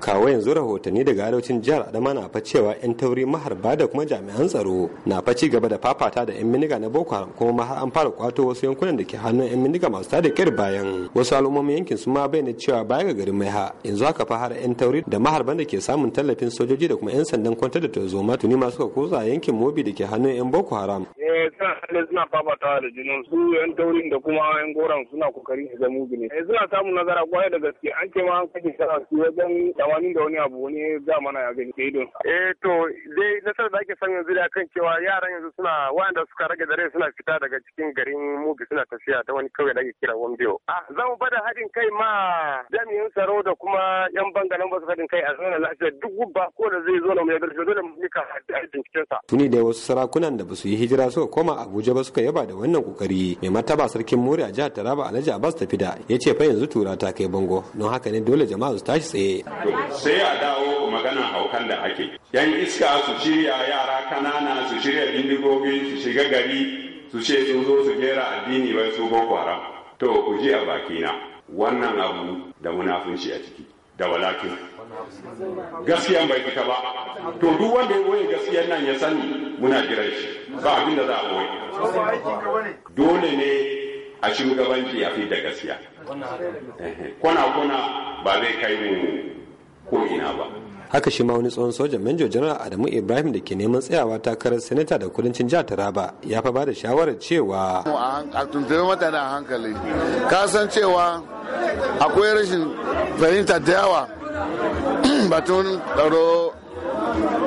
kawo yanzu rahotanni daga arewacin jihar adama na fa cewa yan tauri maharba da kuma jami'an tsaro na fa ci gaba da fafata da yan miniga na boko haram kuma ma har an fara kwato wasu yankunan da ke hannun yan miniga masu tada kyar bayan wasu al'ummomin yankin su ma bayyana cewa baya ga garin maiha yanzu haka fa har yan tauri da maharban da ke samun tallafin sojoji da kuma yan sandan kwantar da tozoma tuni masu suka kutsa yankin mobi da ke hannun yan boko haram Eh, suna halin suna fafatawa da jinin su yan taurin da kuma yan goron suna kokarin shiga mugu ne eh, suna samun nazara kwarai da gaske an ce ma an kashe shara su wajen tamanin da wani abu wani za mana ya gani idon eh to dai nasarar da ake samu yanzu da kan cewa yaran yanzu suna wanda suka rage dare suna fita daga cikin garin mugu suna tafiya ta wani kauye da ake kira wambiyo a za mu bada hadin kai ma jami'in tsaro da kuma yan bangalan ba su hadin kai a zanen lafiya duk ba ko da zai zo na mu ya garshe dole mu nika cikinsa tuni da wasu sarakunan da ba su yi hijira su suka koma abuja ba suka yaba da wannan kokari mai martaba sarkin muri a jihar taraba alhaji abbas da ya ce fa yanzu tura ta kai bango don haka ne dole jama'a su tashi tsaye sai a dawo maganan haukan da ake yan iska su shirya yara kanana su shirya bindigogi su shiga gari su ce sun zo su gera addini bai su boko haram to ku ji a bakina wannan abu da munafunci a ciki da walakin gaskiyan bai fita ba to duk wanda ya boye gaskiyan nan ya sani muna jiran shi ba abin da za a boye dole ne a shugabanci ya fi da gaskiya Kona-kona ba zai kai mu ko ina ba haka shi ma wani tsohon sojan manjo janar adamu ibrahim da ke neman tsayawa takarar sanata da kudancin jihar taraba ya fa ba da shawarar cewa a tuntuɓe mutane a hankali kasan cewa akwai rashin fahimta da yawa batun tsaro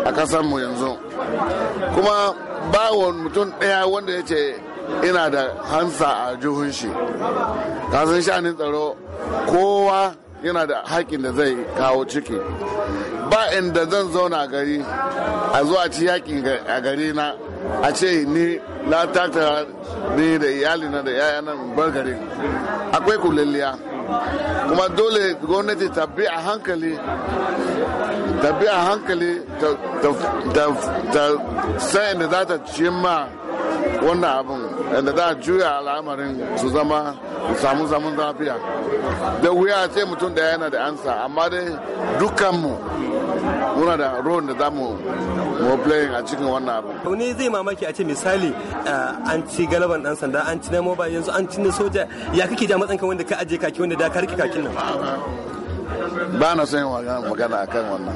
a kasar mu yanzu kuma ba mutum daya wanda ya ce ina da hansa a juhun shi kasan sha'anin tsaro kowa yana da haƙin da zai kawo ciki ba inda zan zauna gari a zo a ci yaƙi a gari na a ce ni na tattara ni da iyali na da 'ya'ya nan bar gari akwai kulalliya kuma dole gwamnati ta bi a hankali ta bi a hankali ta sayan da za ta cimma wannan abin yadda za a juya al'amarin su zama su samu zaman zafiya da wuya ce mutum da yana da ansa amma dai dukkanmu muna da role da zamu mu playing a cikin wannan abu wani zai mamaki a ce misali eh, an ci galaban dan sanda an ci na mobile yanzu an ci na soja ya kake da matsanka wanda ka aje kaki wanda da ka rike kakin nan ba na son magana a kan wannan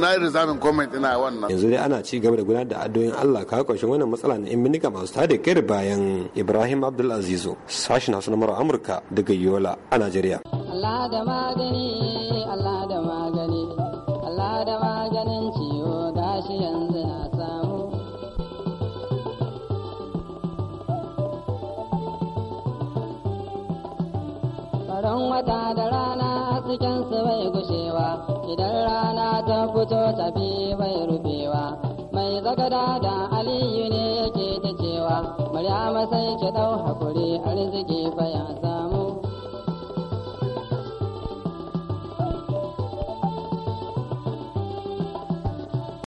na yi reserving comment ina wannan yanzu dai ana ci gaba da gudanar da addu'o'in Allah ka kwashe wannan matsala na imminika masu tada kai bayan Ibrahim abdulazizu sashi na sunamar Amurka daga Yola a Najeriya Allah da magani Allah da magani Allah da maganin ciwo gashi yanzu na samu wata da rana su bai gushewa idan rana ta fito tafi bai rufewa mai zagada da aliyu ne yake ta cewa murya sai ki ɗau hakuri arziki sa.